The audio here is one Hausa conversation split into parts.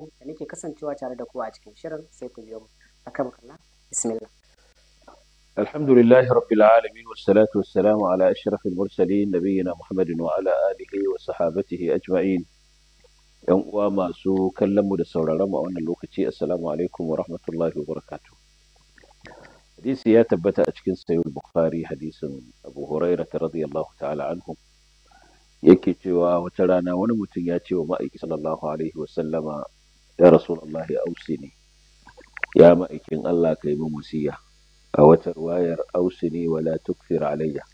ku da nake kasancewa tare da ku a cikin shirin sai ku biyo mu akan bismillah الحمد لله رب العالمين والصلاة ‘Yan uwa masu kallon mu da mu a wannan lokaci, Assalamu alaikum wa rahmatullahi wa barakatu. Hadisi ya tabbata a cikin sayo Bukhari hadisin Abu Huraira ta radiyallahu ta'ala anhu. Yake cewa wata rana wani mutum ya ce wa ma'aiki sallallahu alaihi wa sallama ya rasulullah ya ausini ya ma'aikin Allah kai min wasiya a wata ruwayar ausini wala tukfir alayya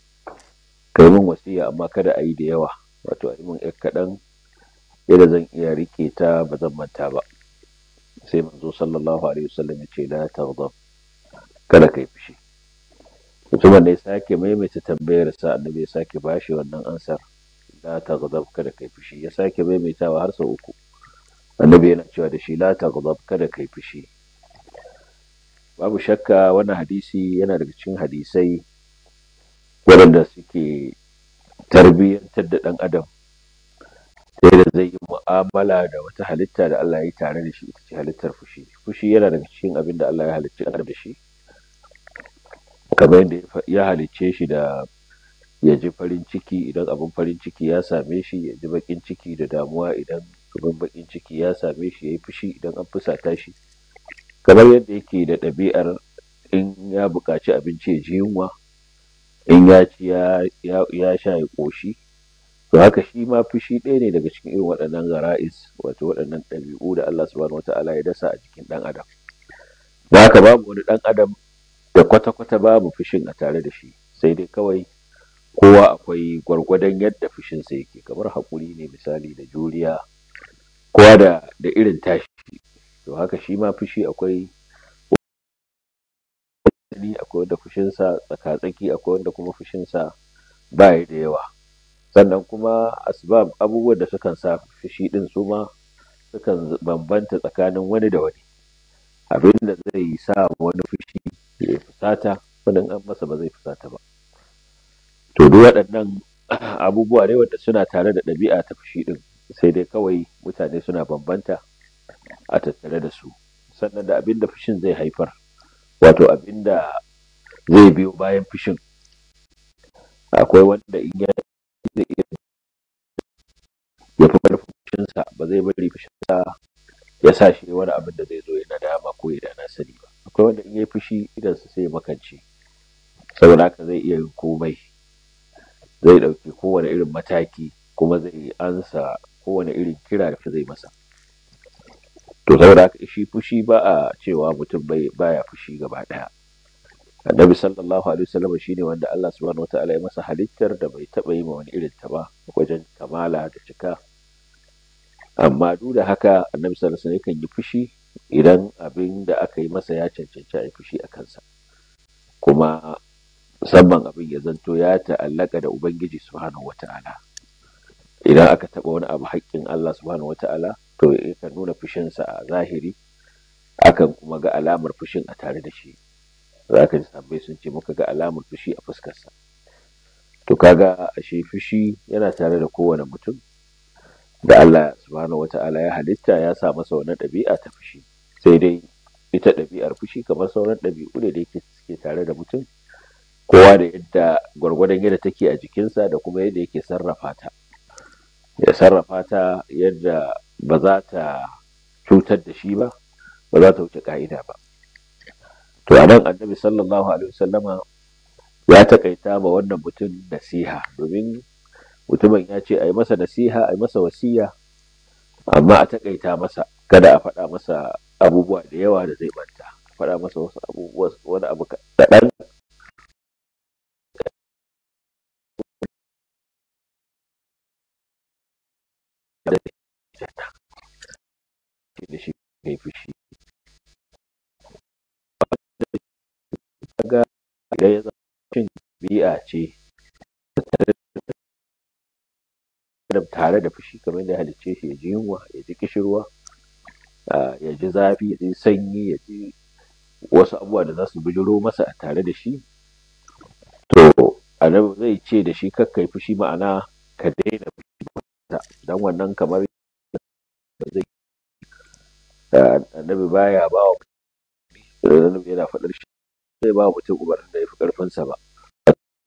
kai min wasiya amma kada a yi da yawa wato a yi min kaɗan yadda zan iya rike ta ba zan manta ba sai manzo sallallahu alaihi wasallam ya ce la taghdab kada kai fushi mutumin ne ya sake maimaita tambayar sa annabi ya sake bashi wannan ansar la taghdab kada kai fushi ya sake maimaitawa har sau uku annabi yana cewa da shi la taghdab kada kai fushi babu shakka wannan hadisi yana daga cikin hadisai wanda suke tarbiyyantar da ɗan adam sai da zai yi mu'amala da wata halitta da Allah ya yi tare da shi ita ce halittar fushi fushi yana daga cikin abin da Allah ya halicci ɗan da shi kamar yadda ya halicce shi da ya ji farin ciki idan abin farin ciki ya same shi ya ji bakin ciki da damuwa idan domin bakin ciki ya same shi ya yi fushi idan an fusata shi kamar yadda yake da ɗabi'ar in ya buƙaci abinci ya ji yunwa in ya ci ya sha ya ƙoshi to haka shi ma fushi ɗaya ne daga cikin irin waɗannan gara'is wato waɗannan ɗabi'u da Allah subhanahu wata'ala ya dasa a jikin ɗan adam da haka babu wani ɗan adam da kwata-kwata babu fushin a tare da shi sai dai kawai kowa akwai gwargwadon yadda fushinsa yake kamar haƙuri ne misali da juriya kowa da da irin tashi to haka shi ma fushi akwai akwai wanda fushinsa tsaka-tsaki akwai wanda kuma fushinsa ba yi da yawa sannan kuma asbab abubuwan da sukan sa fushi din su ma sukan bambanta tsakanin wani da wani abin da zai sa wani fushi ya fusata wani an masa ba zai fusata ba to duk waɗannan abubuwa ne wanda suna tare da ɗabi'a ta fushi ɗin? sai dai kawai mutane suna bambanta a tattare da su sannan da abin da fushin zai haifar wato abin da zai biyo bayan fushin akwai wanda in ya ya fi bari fushinsa ba zai bari fushinsa ya sa shi wani abin da zai zo ya dama ko ya na sani ba akwai wanda in ya fushi idansa sai ya makance saboda haka zai iya yin komai zai ɗauki kowane irin mataki kuma zai ansa kowane irin kira da zai masa to saboda haka shi fushi ba a cewa mutum baya fushi gaba daya annabi sallallahu alaihi wasallam shine wanda Allah subhanahu wataala ya masa halittar da bai taɓa yi ma wani irin ta ba wajen kamala da cika amma duk da haka annabi sallallahu alaihi wasallam yakan yi fushi idan abin da aka yi masa ya cancanci a fushi a kansa kuma musamman abin ya zanto ya ta'allaka da ubangiji subhanahu wataala idan aka taɓa wani abu haƙƙin Allah subhanahu wata'ala to yakan nuna fushinsa a zahiri akan kuma ga alamar fushin a tare da shi za ka ji sabbai sun ce muka ga alamar fushi a fuskarsa to kaga ashe fushi yana tare da kowane mutum da Allah subhanahu wata'ala ya halitta ya sa masa wani ɗabi'a ta fushi sai dai ita ɗabi'ar fushi kamar sauran ɗabi'u ne da yake suke tare da mutum kowa da yadda gwargwadon yadda take a jikinsa da kuma yadda yake sarrafa ta ya sarrafa ta yadda ba za ta cutar da shi ba ba za ta wuce ka'ida ba to a nan annabi sallallahu alaihi wasallama ya takaita ma wannan mutum nasiha domin mutumin ya ce a yi masa nasiha a masa wasiya amma a takaita masa kada a faɗa masa abubuwa da yawa da zai manta faɗa masa wasu abubuwa wani abu kaɗan da da shi kai fushi idan zama tare da fushi kamar da halicce shi ya ji yunwa ya ji kishirwa ya ji zafi ya ji sanyi ya ji wasu abubuwa da za su bijiro masa a tare da shi to zai ce da shi kakkai fushi ma'ana ka daina don wannan kamar eh, annabi baya ba wa annabi yana faɗar shi zai ba mutum umarnin da ya fi ƙarfinsa ba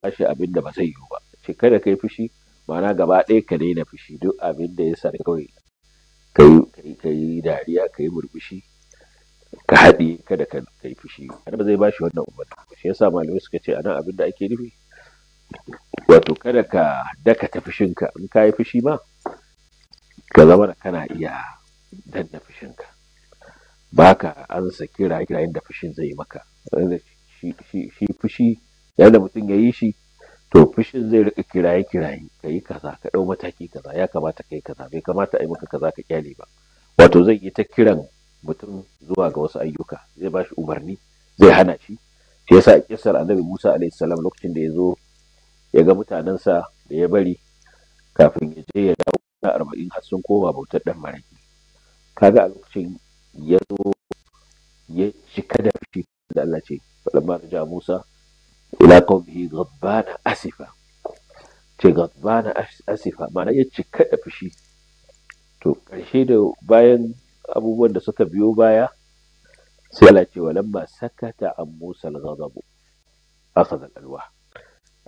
tashi abin da ba zai yiwu ba ce kada kai fushi ma'ana gaba ɗaya ka daina fushi duk abin da ya sa kawai ka yi dariya ka yi murmushi ka haɗi kada ka yi fushi annabi zai ba shi wannan umarni shi yasa malamai suka ce anan abin da ake nufi wato kada ka daka ta fushinka in ka yi fushi ma ka zama da kana iya danna fushinka ba ka an saki kira inda da fushin zai maka shi fushi yadda mutum ya yi shi to fushin zai rika kiraye kiraye ka yi kaza ka ɗau mataki kaza ya kamata ka kaza bai kamata a yi maka kaza ka kyale ba wato zai yi ta kiran mutum zuwa ga wasu ayyuka zai ba shi umarni zai hana shi shi yasa a kisar annabi Musa alayhi salam lokacin da ya zo ya ga mutanensa da ya bari kafin ya je ya dawo na arba'in har sun koma bautar ɗan maraƙi kaga a lokacin ya zo ya cika da fushi da Allah ce ba ja Musa ila qaumihi ghadbana asifa ce ghadbana asifa ma'ana ya cika da fushi to ƙarshe da bayan abubuwan da suka biyo baya sai Allah ce walamma sakata an Musa al-ghadab akhadha al-alwah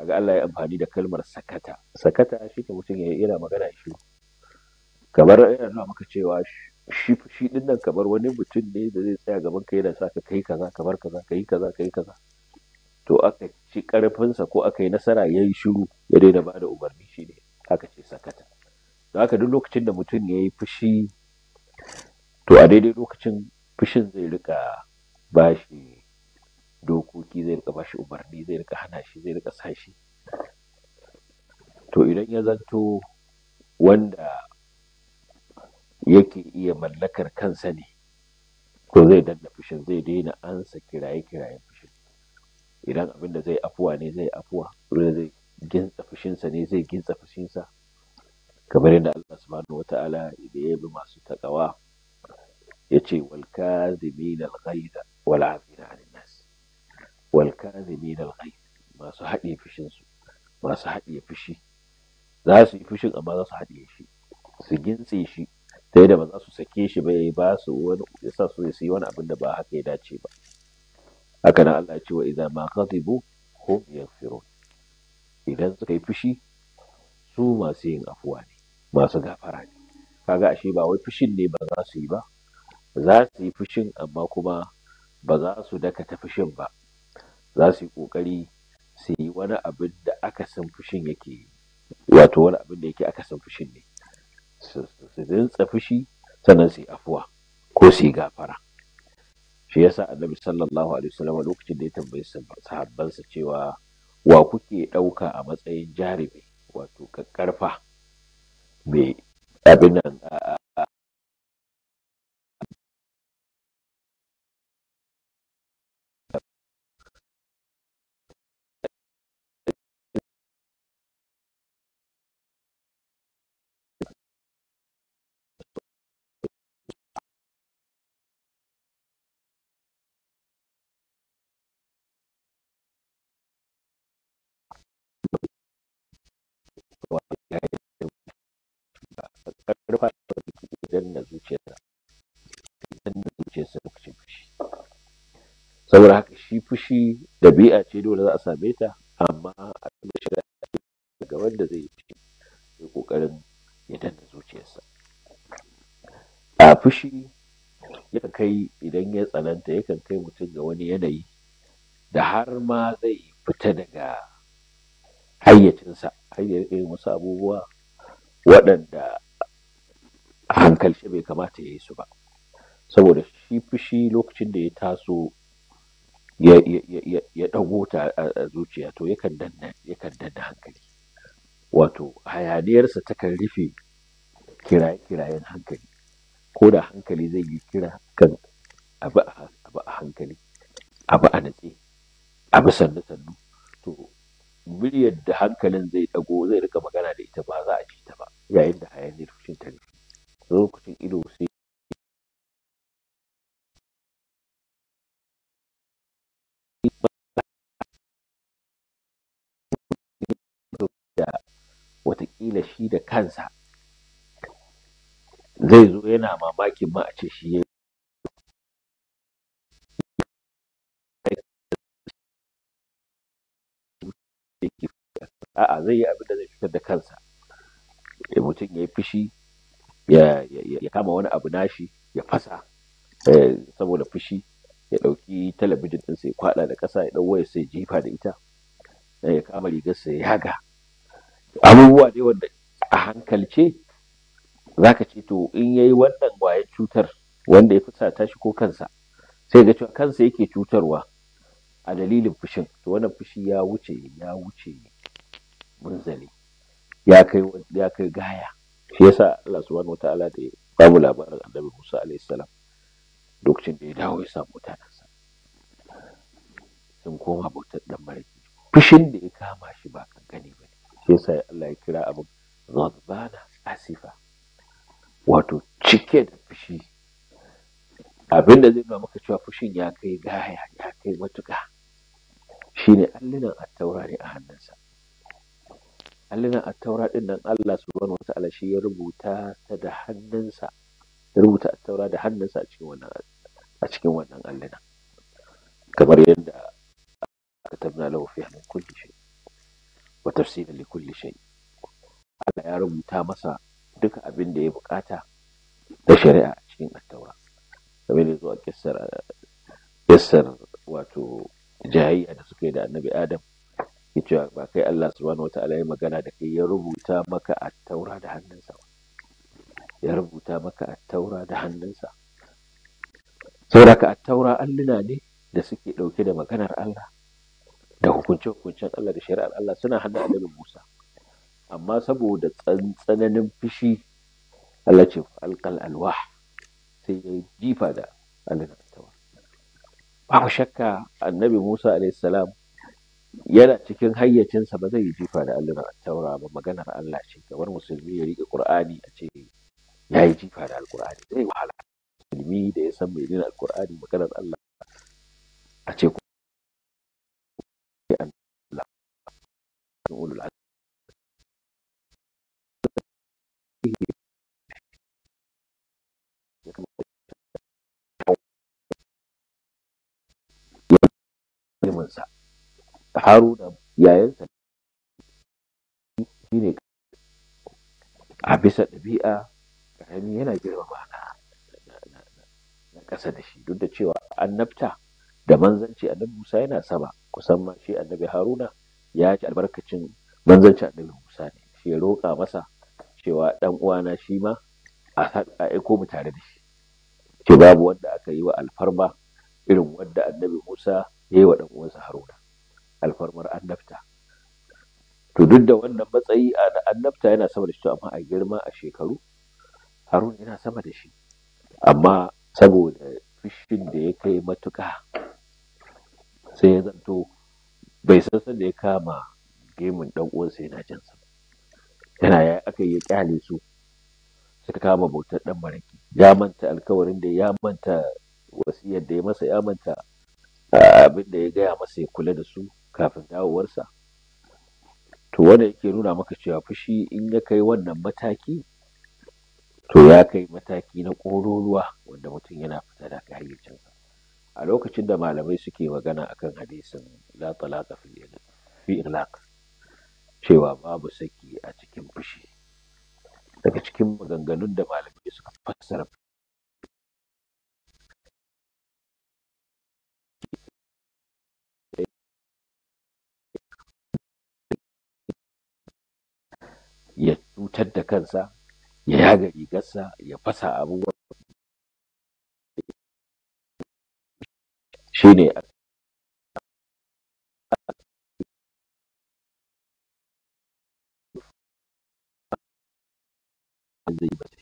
Allah ya amfani da kalmar sakata sakata shi ka mutum ya yana magana shi kamar yana nuna maka cewa shi shi din nan kamar wani mutum ne da zai tsaya gaban ka yana sa ka kai kaza kamar kaza kai kaza kai kaza to aka ci karfinsa ko aka yi nasara ya yi shiru ya daina ba da umarni shi ne aka ce sakata don haka duk lokacin da mutum ya yi fushi to a daidai lokacin fushin zai rika bashi dokoki zai rika bashi umarni zai rika hana shi zai rika sashi to idan ya zanto wanda yake iya mallakar kansa ne ko zai danna fushin zai daina ansa kiraye kirayen fushin idan abin da zai afuwa ne zai afuwa zai gintsa fushinsa ne zai gintsa fushinsa kamar yadda Allah subhanahu wata'ala da ya bi masu takawa ya ce wal kazimin al ghaid wal afina 'anil nas wal kazimin al ghaid masu haɗe fushinsu masu haɗe fushi za su yi fushin amma za su haɗe shi su gintse shi ta yadda ba za su sake shi ba ya ba su wani ya sa su yi wani abin da ba haka ya dace ba haka nan Allah ya ce wa idan ma ghadibu hum yaghfirun idan suka yi fushi su masu yin afuwa ne masu gafara ne kaga ashe ba wai fushin ne ba za su yi ba za su yi fushin amma kuma ba za su ta fushin ba za su yi kokari su yi wani abin da aka san fushin yake wato wani abin da yake san fushin ne su rintsa fushi sannan su yi afuwa ko su yi gafara shi yasa annabi sallallahu alaihi wasallam lokacin da ya tambayi sahabbansa cewa wa kuke ɗauka a matsayin jarumi wato kakkarfa mai abin nan rufa idan na zuciyarsa idan na zuciyarsa lokacin fushi saboda haka shi fushi dabi'a ce dole za a same ta amma a cikin shari'a ga wanda zai yi kokarin ya danna zuciyarsa a fushi yakan kai idan ya tsananta yakan kai mutum ga wani yanayi da har ma zai fita daga hayyacinsa hanyar irin wasu abubuwa waɗanda a shi bai kamata ya yi su ba saboda shi fushi lokacin da ya taso ya ɗago ta a zuciya to yakan danna hankali wato hayaniyarsa takan rufe kiraye-kirayen hankali ko da hankali zai yi kira kan abu a hankali abu a natse abu sannu-sannu to miliyan da hankalin zai ɗago zai rika magana da ita ba za a ji ta ba yayin da hayaniyar fushin ta rufe lokacin ido sai watakila shi da kansa zai zo yana mamakin ma a ce shi ya a'a zai yi abin da zai fitar da kansa mutum ya yi fushi ya kama wani abu nashi ya fasa eh, saboda fushi ya ɗauki talabijin ɗin ya kwaɗa da ƙasa ya ɗau waya sai jifa da ita eh, ya kama rigarsa ya yaga abubuwa dai wanda a hankalce zaka ce to in yayi wannan wayan cutar wanda ya ta shi ko kansa sai ga cewa kansa yake cutarwa a dalilin fushin to wannan fushi ya wuce ya wuce munzali ya ya kai gaya shi yasa Allah subhanahu wataala da ya mu labarin annabi Musa alaihi salam lokacin da ya dawo ya samu mutanensa sun koma bautar dan maraki fushin da ya kama shi ba gani ba shi yasa Allah ya kira abin ghadbana asifa wato cike da fushi abin da zai nuna maka cewa fushin ya kai gaya ya kai Shi shine allinan attaura ne a hannunsa alluna taura din nan Allah subhanahu wata'ala shi ya rubuta ta da hannunsa ya rubuta da hannunsa a cikin wannan a cikin wannan alluna kamar yadda katabna lahu fi min kulli shay wa tafsilan li kulli shay Allah ya rubuta masa duka abin da ya bukata da shari'a a cikin attaura kamar yadda zuwa kissar kissar wato jayayya da suka yi da annabi Adam ke ba kai Allah subhanahu wata'ala ya magana da kai ya rubuta maka a taura da hannunsa ya rubuta maka a taura da hannunsa saboda ka a taura alluna ne da suke ɗauke da maganar Allah da hukunce-hukuncen Allah da shari'ar Allah suna hannun annabi Musa amma saboda tsananin fishi Allah ce alqal alwah sai ya jifa da ta tawa babu shakka annabi Musa alaihi salam yana cikin hayyacinsa ba zai yi jifa da allurar taura ba maganar Allah ce kamar musulmi ya riƙe Qur'ani a ce ya yi jifa da alƙur'ani zai wahala musulmi da ya san mai nuna alƙur'ani maganar Allah a ce Yeah. haruna yayansa shi ne a bisa ɗabi'a ƙarami yana girmama na ƙasa da shi duk da cewa annabta da manzanci annabi musa yana sama kusan ma shi annabi haruna ya ci albarkacin manzanci annabi musa ne shi ya roƙa masa cewa ɗan uwana shi ma a aiko mu tare da shi ce babu wanda aka yi wa alfarma irin wanda annabi musa ya yi wa ɗan uwansa haruna alfarmar annabta to duk da wannan matsayi a da annabta yana sama da shi amma a girma a shekaru harun yana sama da shi amma saboda fishin da ya kai matuka sai ya zanto bai san da ya kama gemun dan uwansa yana jan sa yana ya aka yi kyale su suka kama bautar dan maraki ya manta alkawarin da ya manta wasiyar da ya masa ya manta abin da ya gaya masa ya kula da su kafin dawowarsa to wanda yake nuna maka cewa fushi in ya kai wannan mataki to ya kai mataki na ƙororuwa wanda mutum yana fita da hayyacinsa a lokacin da malamai suke magana akan hadisin la talaqa fi irlaq cewa babu saki a cikin fushi daga cikin maganganun da malamai suka fassara ya cutar da kansa ya yaga rigarsa ya fasa abubuwa shi ne zai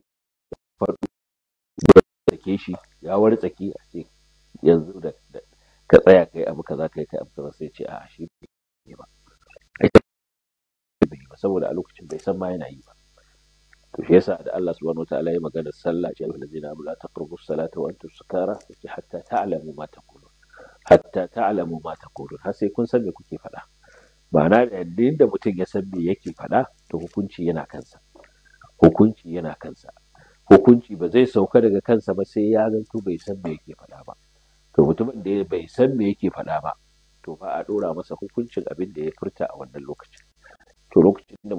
farko zai shi ya wartsake a ce yanzu da ka tsaya kai abu kaza kai kai abu kaza sai ce a shi bai ba saboda a lokacin bai san ma yana yi ba to shi yasa da Allah subhanahu wataala ya magana sallah ce wanda zina la taqrabu salata wa antum sukara hatta ta'lamu ma taqulun hatta ta'lamu ma taqulun har sai kun san me kuke faɗa ma'ana da yadda mutum ya san me yake faɗa to hukunci yana kansa hukunci yana kansa hukunci ba zai sauka daga kansa ba sai ya zanto bai san me yake faɗa ba to mutumin da bai san me yake faɗa ba to ba a ɗora masa hukuncin abin da ya furta a wannan lokacin to lokacin da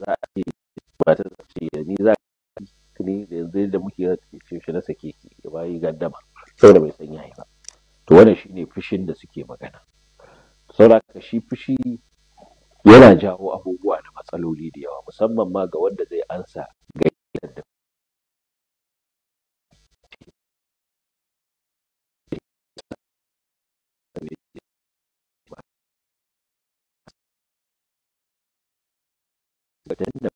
za a ce ba ta ce da ni za ka ne da yanzu da muke ce shi na sake ki ya bayi gandama saboda bai san yayi ba to wannan shine fushin da suke magana saboda shi fushi yana jawo abubuwa da matsaloli da yawa musamman ma ga wanda zai ansa ga da within the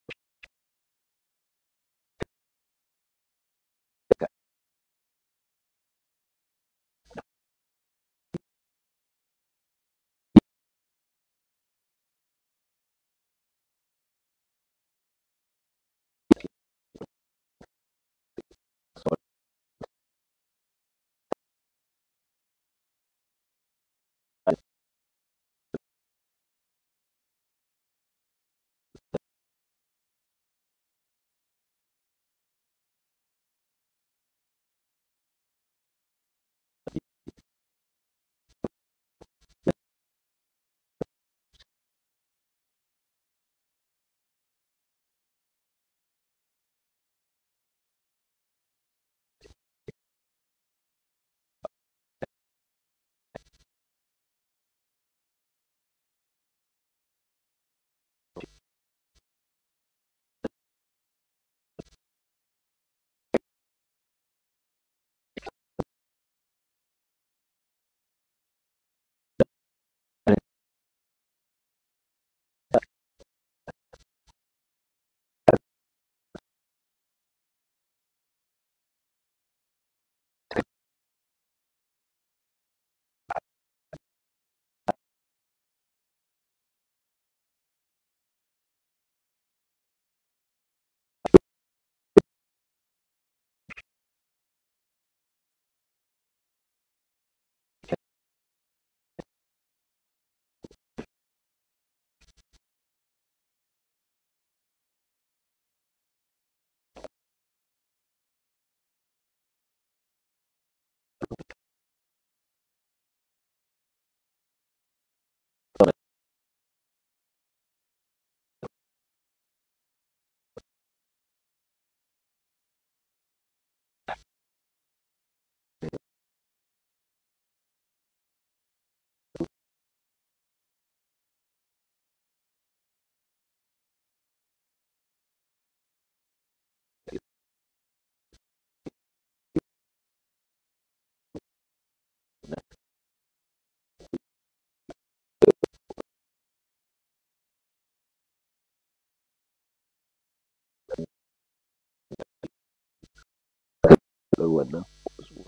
karar wannan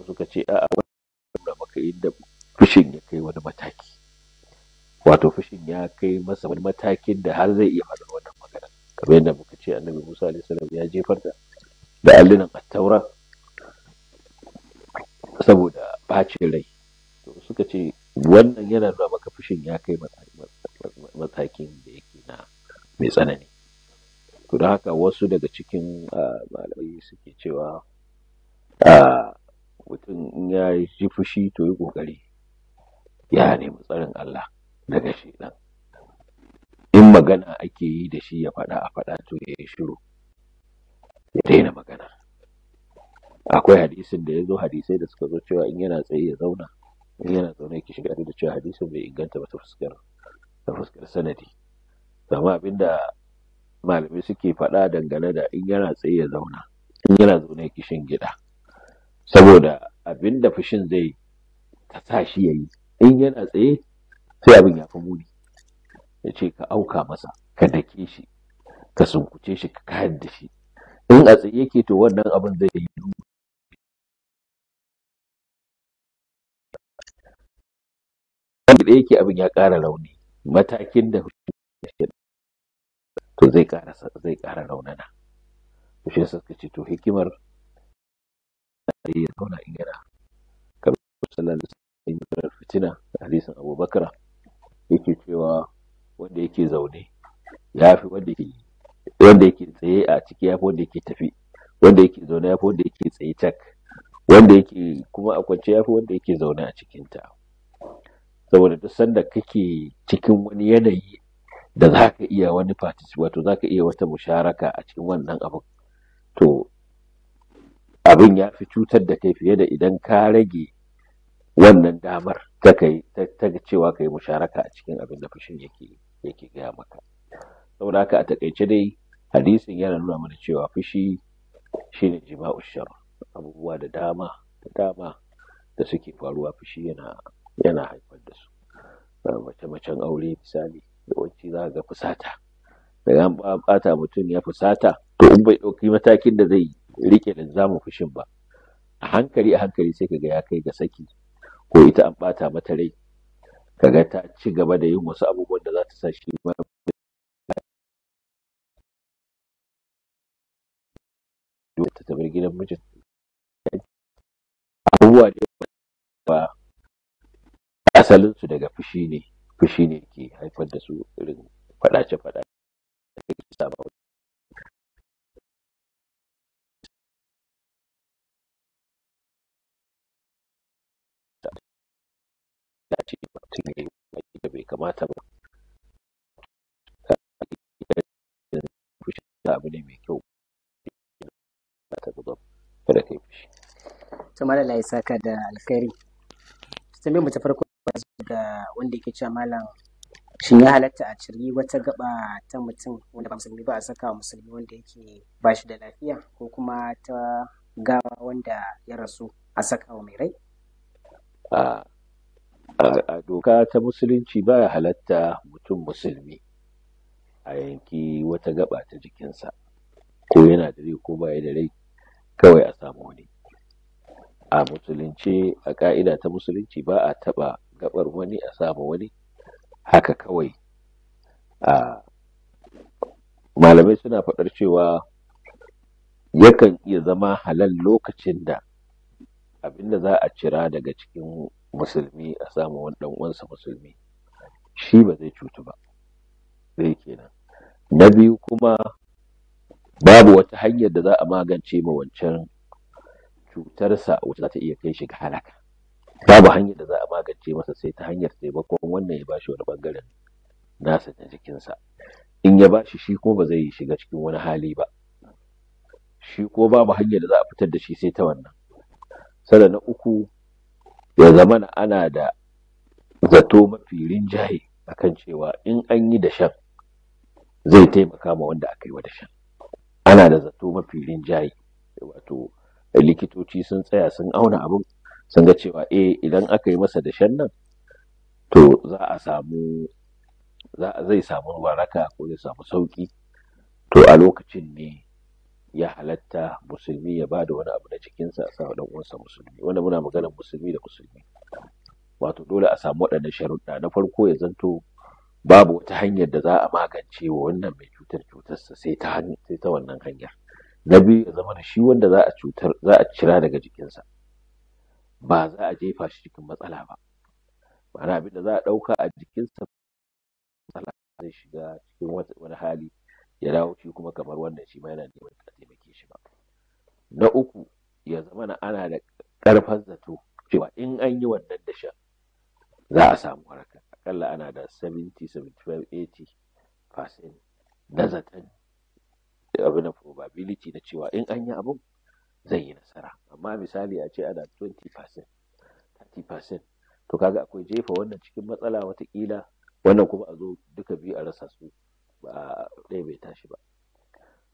suka ce a'a wannan maka inda fushin ya kai wani mataki wato fushin ya kai masa wani matakin da har zai iya faɗar wannan magana kamar yadda muka ce annabi musa alaihi ya jefar da da allinan attaura saboda bacin rai suka ce wannan yana nuna maka fushin ya kai matakin da yake na mai tsanani to don haka wasu daga cikin ah, malamai suke cewa Ah, mutum in ya yi fushi to yi ƙoƙari ya nemi tsarin Allah daga shaidan in magana ake yi da shi ya faɗa a faɗa to ya yi shiru ya daina magana. akwai hadisin da ya zo hadisai da suka zo cewa in yana tsaye ya zauna in yana zaune yake shiga da cewa hadisin bai inganta ba ta fuskar ta fuskar sanadi amma abinda malamai suke faɗa dangane da in yana tsaye ya zauna in yana zaune yake shin gida saboda abin da fushin zai ta sa shi ya yi in yana tsaye sai abin ya fi muni ya ce ka auka masa ka dake shi ka sunkuce shi ka kayar da shi in a tsaye yake to wannan abin zai yi wanda da yake abin ya ƙara rauni matakin da to zai ƙara raunana to suka ce to hikimar tare ya zauna in yana kamar sallallahu alaihi wasallam fitina hadisin Abubakar yake cewa wanda yake zaune ya fi wanda yake wanda yake tsaye a ciki ya fi wanda yake tafi wanda yake zaune ya fi wanda yake tsaye cak wanda yake kuma a kwance ya fi wanda yake zaune a cikinta saboda duk sanda kake cikin wani yanayi da za ka iya wani participate wato za ka iya wata musharaka a cikin wannan abin to abin ya fi cutar da kai fiye da idan ka rage wannan damar ta kai ta cewa kai musharaka a cikin abin da fushin yake yake gaya maka saboda haka a takaice dai hadisin yana nuna mana cewa fushi shine jima'u shar abubuwa da dama da dama da suke faruwa fushi yana yana haifar da su mace macen aure misali yawanci za ga fusata daga an bata mutum ya fusata to in bai ɗauki matakin da zai yi rike zamu fushin ba a hankali a hankali sai kaga ya kai ga saki ko ita an bata mata rai kaga ta ci gaba da yin wasu abubuwan da za ta sa shi ba ta tabar gidan mijin abubuwa ne ba asalin su daga fushi ne fushi ne ke haifar da su irin fadace fadace tunani da bai kamata ba fushi abu ne mai kyau ba ta gaba kada ka yi fushi to malala ya saka da alkhairi tambayar mu ta farko ga wanda yake cewa malam shin ya halatta a ciri wata gaba ta mutum wanda ba musulmi ba a saka musulmi wanda yake ba shi da lafiya ko kuma ta gawa wanda ya rasu a saka wa mai rai ah, a doka ta musulunci baya halatta mutum musulmi a yanki wata gaba ta jikinsa ko yana da rai ko baya da rai kawai a samu wani a musulunci a ka'ida ta musulunci ba a taba gabar wani a samu wani haka kawai a malamai suna faɗar cewa yakan iya zama halal lokacin da abinda za a cira daga cikin musulmi a samu wani dan uwansa musulmi shi ba zai cutu ba zai kenan na biyu kuma babu wata hanyar da za a magance ma wancan cutarsa wacce za ta iya kai shi ga halaka babu hanyar da za a magance masa sai ta hanyar taimakon wannan ya ba shi wani bangaren nasa ta jikinsa in ya bashi shi kuma ba zai shiga cikin wani hali ba shi ko babu hanyar da za a fitar da shi sai ta wannan sada na uku ya zama ana da zato mafi rinjaye a kan cewa in an yi da zai taimaka ma wanda aka yi wa da ana da zato mafi rinjaye wato likitoci sun tsaya sun auna abin sun ga cewa eh idan aka yi masa dashen nan to za a samu zai samu waraka ko zai samu sauki to a lokacin ne ya halatta musulmi ya ba da wani abu na cikinsa a sa dan uwansa musulmi wanda muna maganar musulmi da musulmi wato dole a samu waɗannan sharuɗa na farko ya zanto babu wata hanyar da za a magance wa wannan mai cutar cutarsa sai ta sai ta wannan hanyar na biyu ya zama da shi wanda za a cutar za a cira daga jikinsa ba za a jefa shi cikin matsala ba ma'ana abinda za a ɗauka a jikinsa matsala zai shiga cikin wani hali ya dawo shi kuma kamar wannan shi ma yana neman a taimake shi ba na uku ya zama na ana da ƙarfin zato cewa in an yi wannan dashen za a samu waraka akalla ana da 70 75 80 na zaton abu na probability na cewa in an yi abin zai yi nasara amma misali a ce ana 20% 30% to kaga akwai jefa wannan cikin matsala watakila wannan kuma a zo duka biyu a rasa su bai tashi ba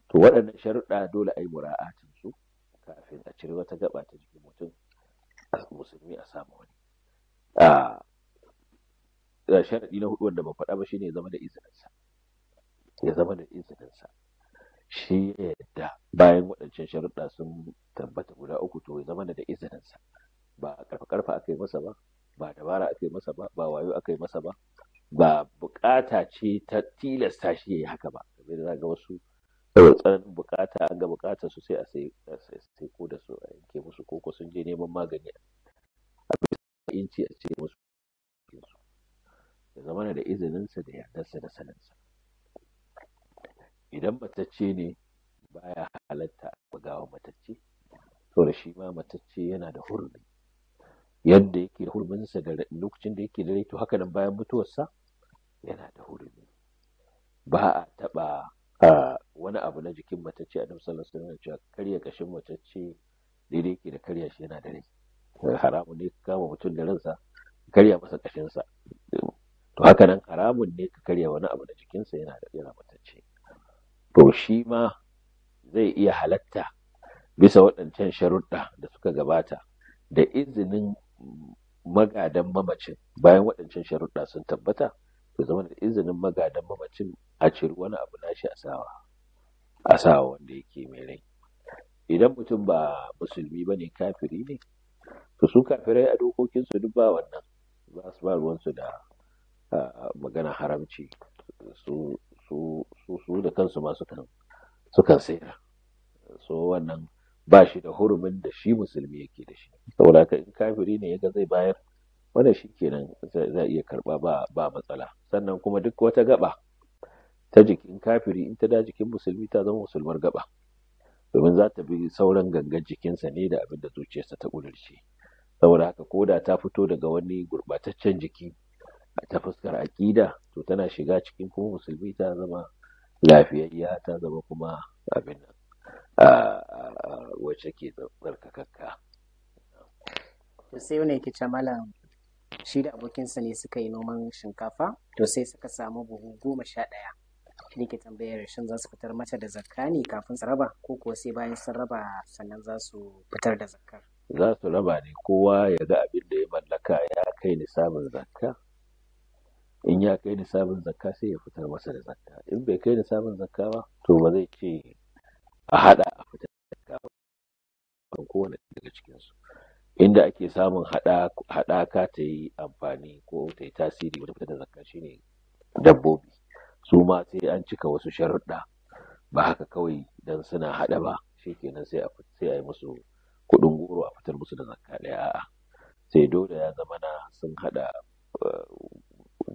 to waɗannan sharuɗa dole a yi mura'atin su kafin a cire wata gaba ta jikin mutum musulmi a samu wani a sharaɗi na hudu wanda ba faɗa ba shine ya zama da izininsa ya zama da izininsa shi ya yadda bayan waɗancan sharuɗa sun tabbata guda uku to ya zama da izininsa ba karfa karfa aka yi masa ba ba dabara aka yi masa ba ba wayo aka yi masa ba ba bukata ce ta tilasta shi ya yi haka ba kamar da ga wasu eh. tsananin bukata an ga bukata su sai a sai ko da su a yanke musu koko sun je neman magani a bisa inci a ce musu da zamana da izininsa da yardarsa da saninsa idan matacce ne baya halatta a bugawa matacce da shi ma matacce yana da hurmi yadda yake hurminsa da lokacin da yake da rai to haka nan bayan mutuwarsa yana da hurumi ba a taɓa wani abu na jikin matacce a sallallahu alaihi cewa karya kashin matacce daidai ke da karya shi yana da rai haramun ne ka kama mutum da ransa karya masa kashinsa to haka nan haramun ne ka karya wani abu na jikinsa yana da yana matacce to shi ma zai iya halatta bisa waɗancan sharuɗa da suka gabata da izinin magadan mamacin bayan waɗancan sharuɗa sun tabbata to zama da izinin magadan mamacin a ciri wani abu nashi a sawa a sawa wanda yake mai rai idan mutum ba musulmi ba ne kafiri ne to su kafirai a dokokinsu duk ba wannan ba su ba ruwansu da magana haramci su su da kansu ma kan sayar so wannan ba shi da hurumin da shi musulmi yake da shi saboda in kafiri ne yaga zai bayar wanda shi kenan za a iya karɓa ba matsala sannan kuma duk wata gaba ta jikin kafiri in ta da jikin musulmi ta zama musulmar gaba domin za ta bi sauran gangan jikinsa ne da abin da zuciyarsa ta ƙudurce saboda haka ko da ta fito daga wani gurɓataccen jiki ta fuskar aƙida to tana shiga cikin kuma musulmi ta zama lafiyayya ta zama kuma abin nan wacce ke tsarkakakka. sai wani ke malam shi da abokinsa ne suka yi noman shinkafa to sai suka samu buhu goma sha ɗaya ne ke tambayar shin za su fitar mata da zakka ne kafin su raba ko kuwa sai bayan sun raba sannan za su fitar da zakkar za su raba ne kowa ya ga abin da ya mallaka ya kai nisabin zakka in ya kai nisabin zakka sai ya fitar masa da zakka in bai kai nisabin zakka ba to ba zai ce a hada a fitar da zakka ba kowane daga cikinsu inda ake samun haɗaka ta yi amfani ko ta yi tasiri wata fita da zakka ne dabbobi su ma sai an cika wasu sharuɗa ba haka kawai dan suna haɗa ba shi sai a sai a yi musu kuɗin goro a fitar musu da zakka ɗaya a'a sai dole ya zama na sun haɗa eh,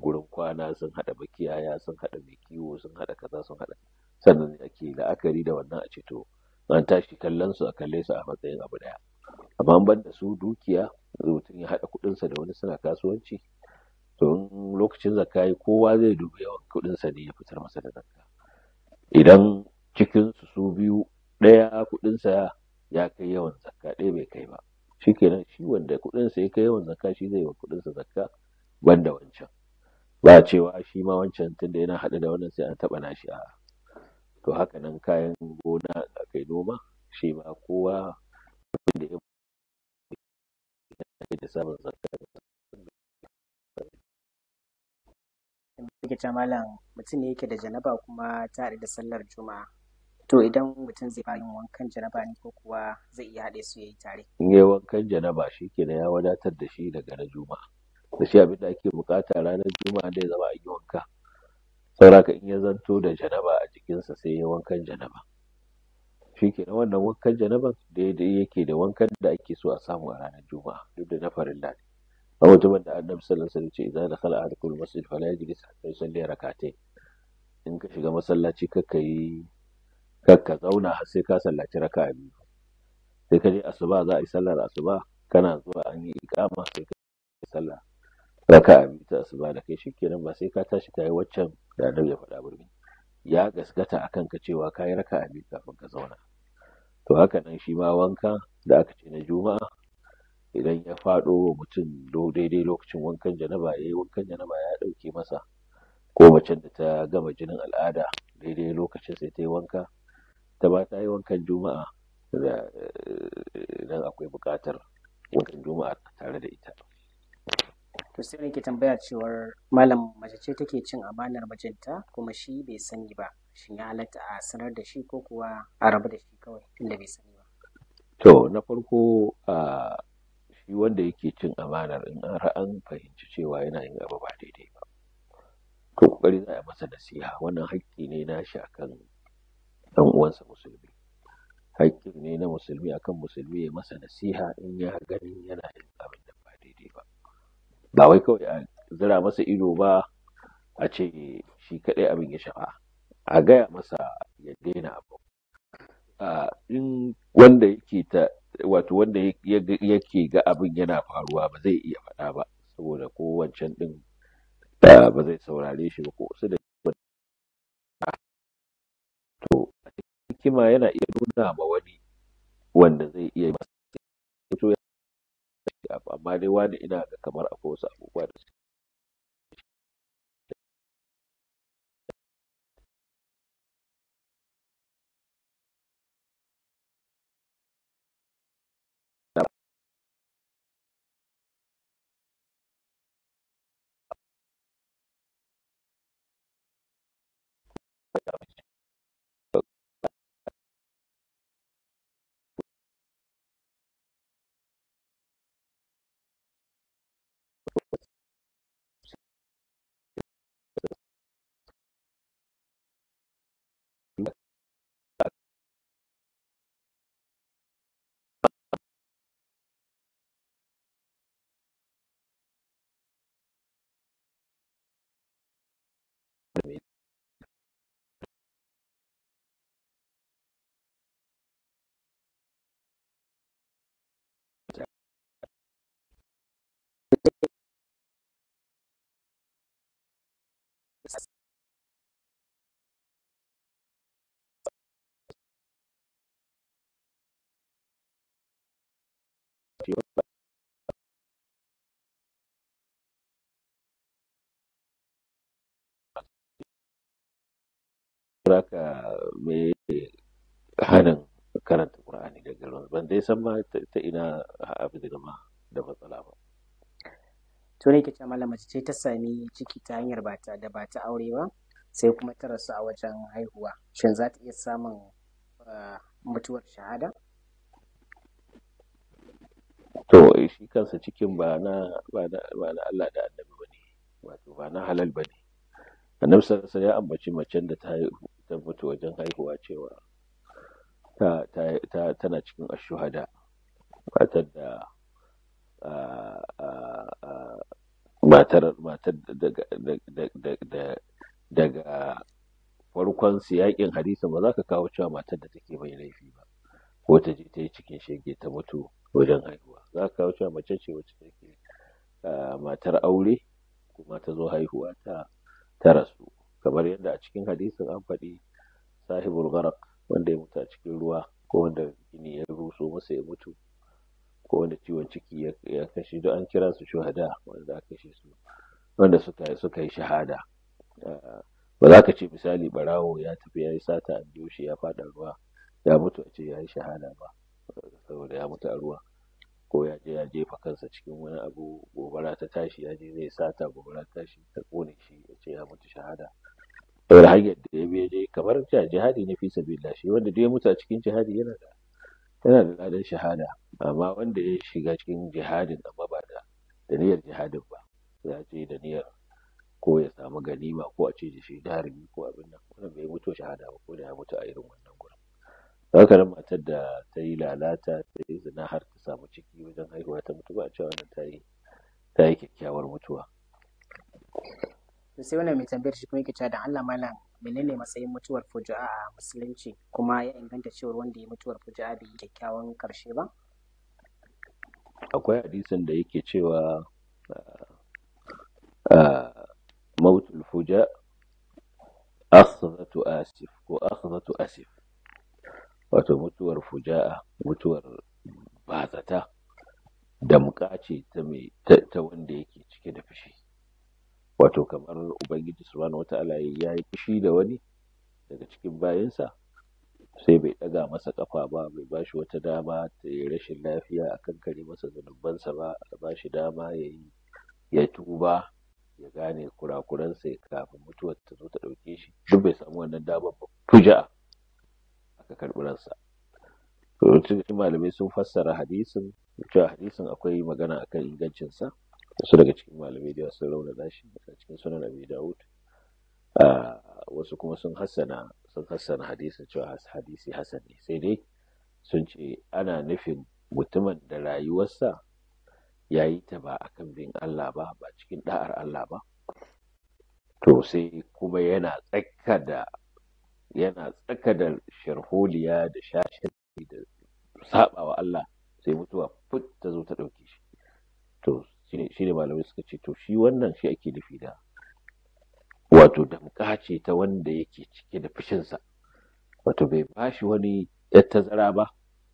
gurin kwana sun haɗa makiyaya sun haɗa mai kiwo sun haɗa kaza sun haɗa sannan ake la'akari da wannan a ce to an tashi kallon su a kalle su a matsayin abu ɗaya amma ban da su dukiya mutum ya haɗa kuɗinsa da wani suna kasuwanci to lokacin zakka yi kowa zai dubi yawan kuɗinsa ne ya fitar masa da zakka idan cikin su su biyu ɗaya kuɗinsa ya kai yawan zakka ɗaya bai kai ba kenan shi wanda kuɗinsa ya kai yawan zakka shi zai yi wa kuɗinsa zakka banda wancan ba cewa shi ma wancan tunda yana haɗa da wannan sai an taɓa nashi a to haka nan kayan gona da kai noma shi ma kowa da ya ake malam mutum ne yake da janaba kuma ta da sallar juma'a to idan mutum zai yin wankan janaba ne ko kuwa zai iya haɗe su yayi tare in yi wankan janaba shi kenan ya wadatar da shi daga na juma'a da shi abin da ake bukata ranar juma'a da ya zama a yi wanka sauraka in ya zanto da janaba a jikinsa sai ya wankan janaba shi ke wannan wankan janaban daidai yake da wankan da ake so a samu a ranar juma'a duk da na farin ne a mutumin da annabi sallallahu alaihi wasallam ce idan dakhala ahadukum masjid fala yajlis hatta yusalli rak'atayn in ka shiga masallaci kakka yi kakka zauna har sai ka sallaci raka'a biyu sai ka je asuba za a yi sallar asuba kana zuwa an yi iqama sai ka yi sallah raka'a biyu ta asuba da kai shikenan ba sai ka tashi ka yi waccan da annabi ya faɗa burbi ya gaskata akan ka cewa ka yi raka'a biyu kafin ka zauna to haka nan shi ma wanka da aka ce na juma'a idan ya faɗo wa mutum daidai lokacin wankan janaba ya yi wankan janaba ya ɗauke masa ko macen da ta gama jinin al'ada daidai lokacin sai ta yi wanka ta ba ta yi wankan juma'a eh, idan akwai buƙatar wankan juma'a tare da ita to sai ke tambaya cewar malam mace ce take cin amanar mijinta kuma shi bai sani ba shin ya halatta a sanar da shi ko kuwa a rabu da shi kawai tunda bai sani ba to na farko a shi wanda yake cin amanar in an an fahimci cewa yana yin abu ba daidai ba to kokari za a masa nasiha wannan hakki ne na shi akan ɗan uwansa musulmi Hakki ne na musulmi akan musulmi ya masa nasiha in ya gani yana yin abin da ba daidai ba ba wai kawai a zira masa ido ba a ce shi kaɗai abin ya shafa a gaya masa ya daina abu in wanda yake ta wato wanda yake ga abin yana faruwa ba zai iya faɗa ba saboda ko wancan ɗin ba zai saurare shi ba ko su da to hikima yana iya nuna ma wani wanda zai iya yi masa amma dai wani ina ga kamar akwai wasu abubuwa da su mean haka me hanin karanta Qur'ani da garin ban dai san ma ta ina abu da gama da matsala ba. To ne kace malama ce ta sami ciki ta hanyar bata da ba ta aure ba sai kuma ta rasu a wajen haihuwa. Shin za ta iya samun ah, mutuwar shahada? To shi kansa cikin ba na ba na Allah da Annabi bane wato ba na halal bane. Annabi sallallahu ya ambaci macen da ta haihu ta mutu wajen haihuwa cewa tana cikin ashuhada matar da matar matar daga farkon siyakin hadisa ba za ka kawo cewa matar da take mai laifi ba ko ta je ta yi cikin shege ta mutu wajen haihuwa za ka kawo cewa mace ce wacce take matar aure kuma ta zo haihuwa ta ta rasu kamar yadda a cikin hadisin an faɗi sahibul gharq wanda ya mutu a cikin ruwa ko wanda gini ya ruso masa ya mutu ko wanda ciwon ciki ya kashe duk an kira su shuhada wanda aka kashe su wanda suka suka yi shahada ah, ba za ka ce misali barawo ya tafi ya yi sata a biyo shi ya fada ruwa ya mutu a ce ya yi shahada ba saboda ya mutu a ruwa ko ya je ya jefa kansa cikin wani abu gobara ta tashi ya je zai sata gobara ta tashi ta kone shi ya ce ya mutu shahada saboda hanyar da ya bi dai kamar jihadi ne fi sabila shi wanda ya mutu a cikin jihadi yana da yana da ladan shahada amma wanda ya shiga cikin jihadin amma ba da da niyyar jihadin ba ya ce da niyyar ko ya samu ganima ko a ce da shi darimi ko abin nan wannan bai mutu shahada ba ko da ya mutu a irin wannan gurin haka nan matar da ta yi lalata ta yi zina har ta samu ciki wajen haihuwa ta mutu ba a cewa wannan ta yi ta yi kyakkyawar mutuwa to sai wannan mai tambayar shi kuma yake cewa dan Allah malam menene matsayin mutuwar fuja'a a musulunci kuma ya inganta cewar wanda ya mutuwar fujaa bai kyakkyawan karshe ba akwai hadisin da yake cewa ah, ah, mautul fuja akhzatu asif ko akhzatu asif wato mutuwar fuja'a mutuwar bazata da mukace ta wanda yake cike da fushi wato kamar ubangiji subhanahu ta'ala ya yi kishi da wani daga cikin bayansa sai bai ɗaga masa kafa ba bai bashi wata dama ta yi rashin lafiya a kankare masa zunubansa ba a ba shi dama ya yi ya tuba ya gane kurakuransa kafin mutuwar ta zo ta ɗauke shi duk bai samu wannan damar ba tuja aka karɓi ransa to malamai sun fassara hadisin cewa hadisin akwai magana akan ingancinsa wasu daga cikin malamai da sun rauna nashi a cikin sunan abi dawud ah, wasu kuma sun hassana sun hassana hadisi cewa hadisi Hassan ne sai dai sun ce ana nufin mutumin da rayuwarsa ya yi ta ba a kan bin Allah ba ba cikin da'ar Allah ba to sai kuma yana tsaka da yana tsaka da sharholiya da shashin da saba Allah sai mutuwa fut ta zo ta ɗauke shi to shi ne malamai suka ce to shi wannan shi ake nufi da wato damka ce ta wanda yake cike da fushinsa wato bai bashi wani yar tazara ba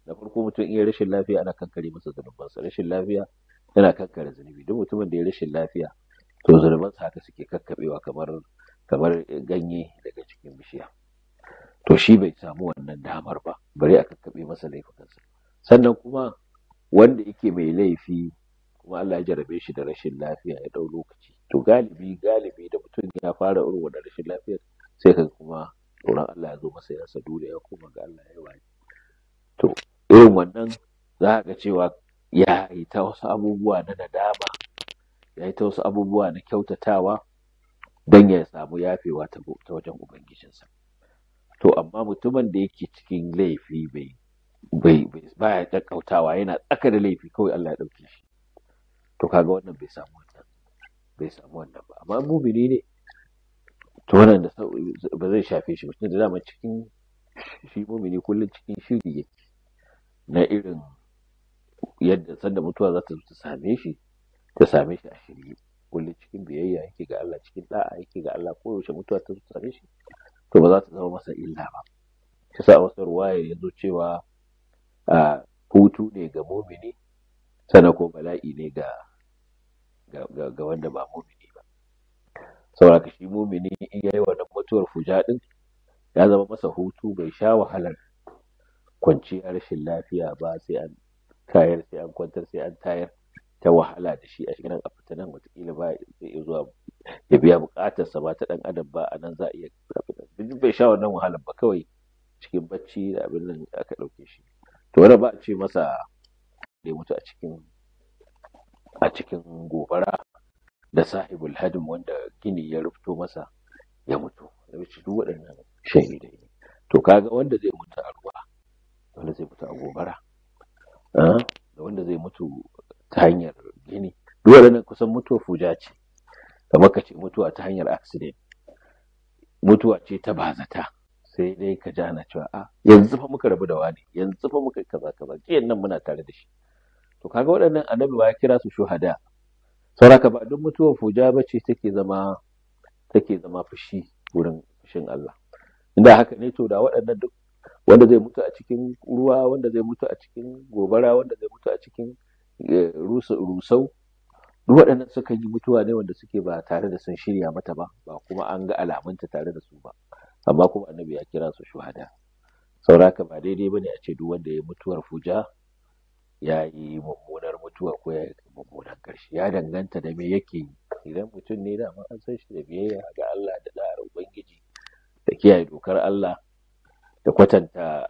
da farko mutum iya rashin lafiya ana kankare masa zunubansa rashin lafiya yana kankare zunubi duk mutumin da ya rashin lafiya to zunubansa haka suke kakkabewa kamar kamar ganye daga cikin bishiya to shi bai samu wannan damar ba bari a kakkabe masa laifukansa sannan kuma wanda yake mai laifi kuma Allah ya jarabe shi da rashin lafiya ya dau lokaci to galibi galibi da mutum ya fara irin wannan rashin lafiyar sai ka kuma tsoron Allah ya zo masa ya sa dole ya koma ga Allah ya waye to irin wannan za ka cewa ya yi ta wasu abubuwa na nadama ya yi ta wasu abubuwa na kyautatawa don ya samu yafewa ta wajen ubangijinsa to amma mutumin da yake cikin laifi bai bai baya kakkautawa yana tsaka da laifi kawai Allah ya ɗauke shi to kaga wannan bai samu wannan bai samu wannan ba amma mumini ne to wannan da ba zai shafe shi mutum da dama cikin shi mumini kullum cikin shiri yake na irin yadda sanda mutuwa za ta ta same shi ta same shi a shirye kullum cikin biyayya yake ga Allah cikin da'a yake ga Allah ko yaushe mutuwa ta ta same shi to ba za ta zama masa illa ba shi sa wasu ruwaya ya zo cewa a ah, hutu ne ga mumini sana ko bala'i ne ga ga wanda ba mumini ba saboda ka shi mumini in yayi wannan mutuwar fuja din ya zama masa hutu bai sha wahalar kwanciya rashin lafiya ba sai an tayar sai an kwantar sai an tayar ta wahala da shi a shirin a fita nan watakila ba zai iya zuwa ya biya bukatar sa ba ta dan adam ba a nan za a iya bai sha wannan wahalar ba kawai cikin bacci da abin nan aka dauke shi to wani ba a ce masa da mutu a cikin a cikin gobara da sahibul hadim wanda gini ya rufto masa ya mutu da wuce duk waɗannan shahidai ne to kaga wanda zai mutu a ruwa wanda zai mutu a gobara da wanda zai mutu ta hanyar gini duk waɗannan kusan mutuwa fuja ce kamar ka ce mutuwa ta hanyar accident mutuwa ce ta bazata sai dai ka jana cewa a yanzu fa muka rabu da wani yanzu fa muka kaza kaza jiyan nan muna tare da shi to kaga waɗannan annabi ba ya kira su shuhada sauraka ba duk mutuwar fuja ba ce take zama take zama fushi wurin shin Allah inda haka ne to da waɗannan duk wanda zai mutu a cikin ruwa wanda zai mutu a cikin gobara wanda zai mutu a cikin eh, rusau duk waɗannan suka yi mutuwa ne wanda suke ba tare da sun shirya mata ba ba kuma an ga alamunta tare da su ba amma kuma annabi ya kira su shuhada sauraka ba daidai bane a ce duk wanda ya mutuwar fuja ya yi mummunar mutuwa ko ya yi mummunar ƙarshe ya danganta da me yake yi idan mutum ne da an san shi da biyayya ga Allah da da'ar ubangiji da kiyaye dokar Allah da kwatanta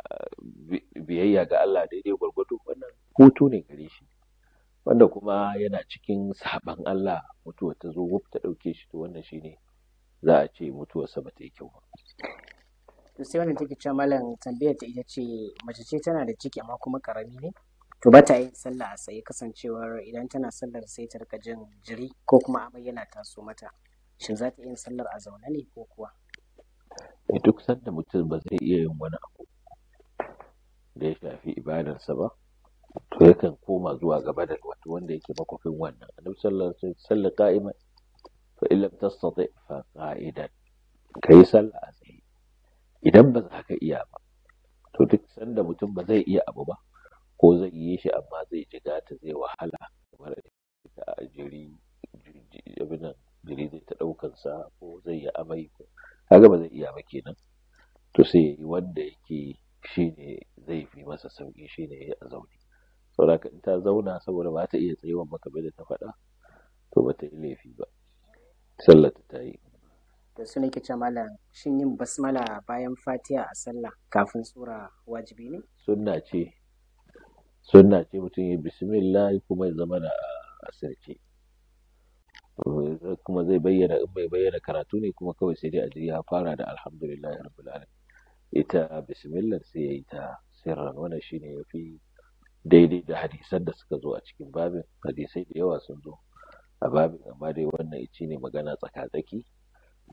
biyayya ga Allah daidai gwargwado wannan hutu ne gare shi wanda kuma yana cikin saban Allah mutuwa ta zo wuf ta ɗauke shi to wannan shine za a ce mutuwarsa ba ta yi kyau ba to sai wannan take cewa malam tambayar ta ita ce mace ce tana da ciki amma kuma karami ne to ba ta yin sallah a tsaye kasancewar idan tana sallar sai ta rika jin jiri ko kuma amai yana taso mata shin za ta yin sallar a zaune ne ko kuwa eh, duk sanda mutum ba zai iya yin wani abu da ya shafi ibadarsa ba to yakan koma zuwa gaba da wato wanda yake makwafin wannan a duk sallar sai sallar ka'ima fa illam tastati fa qa'idan kai sallah a tsaye idan ba za ka iya ba to duk sanda mutum ba zai iya abu ba ko zai yi shi amma zai ji ta zai wahala kamar a jiri abinan jiri zai ta ɗaukan sa ko zai yi amai kaga ba zai iya ba kenan to sai ya yi wanda yake shine zai fi masa sauki shine ya a zaune saboda in ta zauna saboda ba ta iya tsayuwa maka bai da ta faɗa to ba ta yi laifi ba sallata ta yi da suna ke ce mala shin yin basmala bayan Fatiya a sallah kafin sura wajibi ne sunna ce sunna ce mutum ya bismillah kuma ya zama da sarki kuma zai bayyana in bai bayyana karatu ne kuma kawai sai dai a ya fara da alhamdulillah rabbil alamin ita bismillah sai ya yi ta sirran wannan shine yafi daidai da hadisan da suka zo a cikin babin hadisai da yawa sun zo a babin amma dai wannan ici ne magana tsaka-tsaki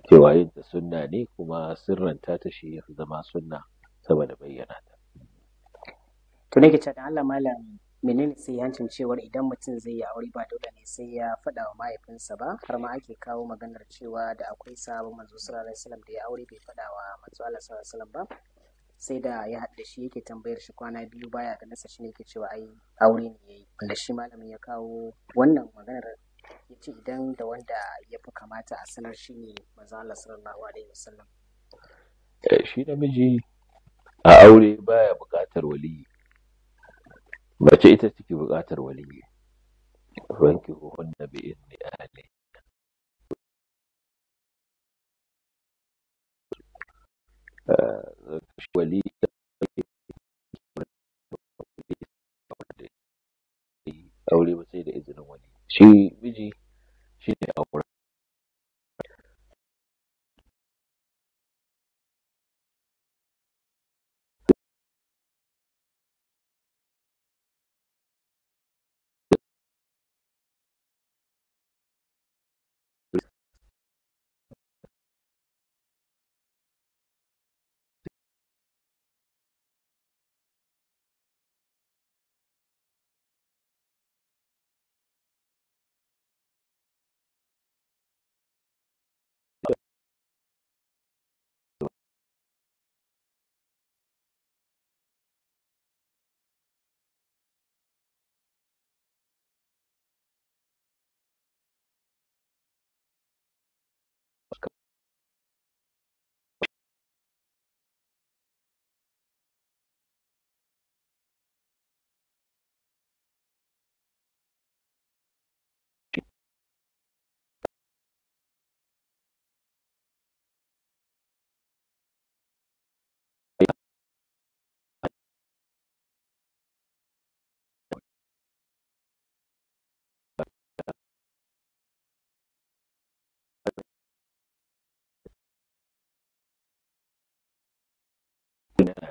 cewa yin ta sunna ne kuma sirranta ta shi ya zama sunna saboda bayyana ta to nake cewa dan Allah malam menene sai ya cewar idan mutum zai yi aure ba dole ne sai ya faɗa wa mahaifinsa ba har ma ake kawo maganar cewa da akwai sabon manzo sallallahu alaihi wasallam da ya aure bai faɗa wa manzo Allah sallallahu alaihi wasallam ba sai da ya haɗa shi yake tambayar shi kwana biyu baya ga nasa shi ne yake cewa ai aure ne yayi wanda shi malamin ya kawo wannan maganar ya idan da wanda ya fi kamata a sanar shi ne manzo Allah sallallahu alaihi wasallam eh, shi namiji a aure baya buƙatar waliyi mace ita take buƙatar waliyi wanki hunna bi izni ahli eh, wali aure ba sai da izinin wali shi miji shi ne aure Yeah.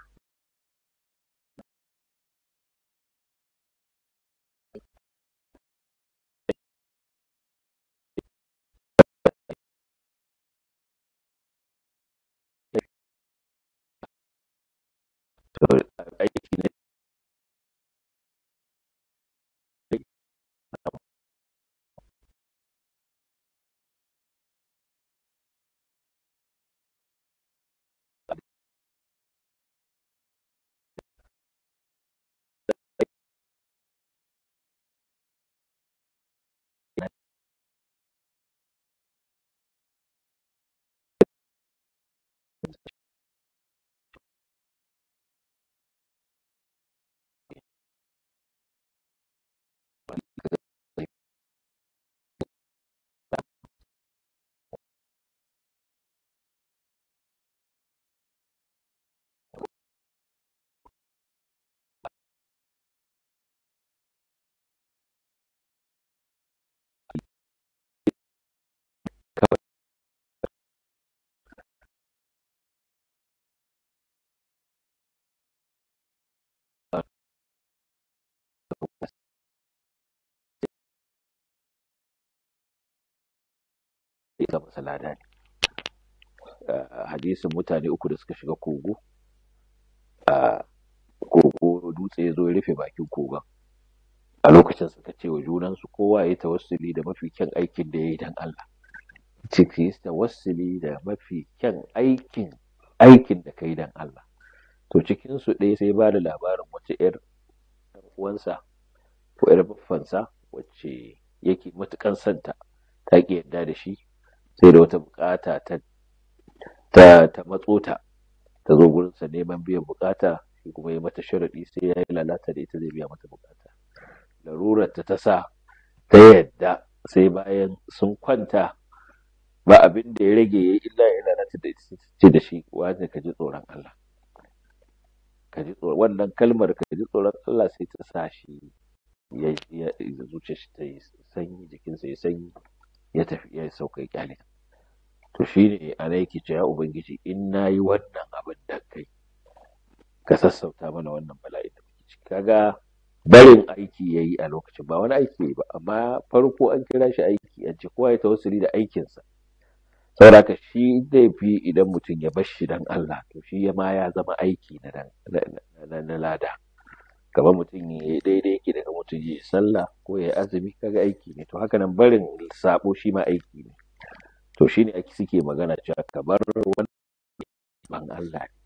sai ga masa ne hadisin mutane uku da suka shiga kogo a kogo dutse ya zo ya rufe bakin kogon a lokacin suka ce wa junansu kowa ya tawassuli da mafi kyan aikin da ya yi don Allah ciki ya tawassuli da mafi kyan aikin aikin da ka yi don Allah to cikinsu ɗaya sai ba da labarin wata 'yar uwansa ko 'yar baffansa wacce yake matukan santa ta ƙi yarda da shi sai da wata bukata ta ta ta matso ta zo zo gurinsa neman biyan bukata shi kuma ya mata sharaɗi sai ya yi lalata da ita zai biya mata bukata larurar ta ta sa ta yadda sai bayan sun kwanta ba abin da ya rage ya illa ya lalata da ita ce da shi wani ka ji tsoron Allah ka tsoron wannan kalmar ka ji tsoron Allah sai ta sa shi ya zuciya shi ta yi sanyi jikinsa ya sanyi ya tafi ya sauka ya kyale to shine ne yake ce ya ubangiji in na yi wannan abin da kai ka sassauta mana wannan bala'in da muke ciki kaga barin aiki ya yi a lokacin ba wani aiki ba amma farko an kira shi aiki an ce kowa ya tawassuli da aikinsa sauraka shi zai fi idan mutum ya bar shi dan Allah to shi ya ma ya zama aiki na lada kamar mutum ya daidai yake daga mutum ya sallah ko ya azumi kaga aiki ne to haka nan barin sabo shi ma aiki ne to shi ne ake suke magana cewa kamar wani ban Allah ne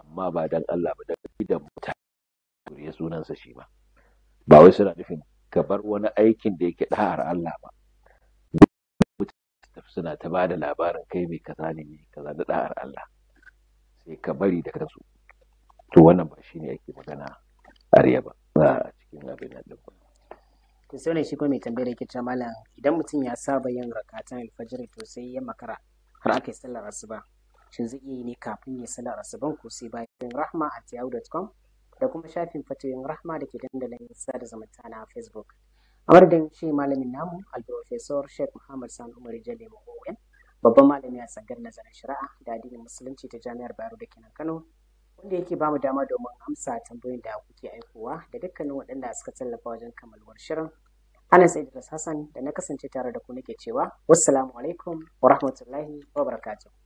amma ba dan Allah ba daga gidan mutane ya sunansa shi ba ba wai suna nufin ka bar wani aikin da yake da'ar Allah ba suna ta ba da labarin kai mai kaza ne mai kaza da da'ar Allah sai ka bari da kansu to wannan ba shi ne ake magana a ba a cikin abin nan ba to sai ne shi kuma mai tambayar yake ta malam idan mutum ya saba yin rakatan alfajiri to sai ya makara har aka yi sallar asuba shin zai iya yi ne kafin ya sallar asuban ko sai bayan rahma at yahoo.com da kuma shafin fatoyin rahma da ke dandalin da zumunta na facebook a madadin shi malamin namu alprofesor sheikh muhammad sani umar jalle mahowen babban malami a tsangayar nazarin shari'a da addinin musulunci ta jami'ar bayero da kenan kano wanda yake bamu dama domin amsa tambayoyin da kuke aikowa da dukkanin waɗanda suka tallafa wajen kammaluwar shirin Anas da Hassan da na kasance tare da ku nake cewa wassalamu alaikum wa rahmatullahi wa barakatuh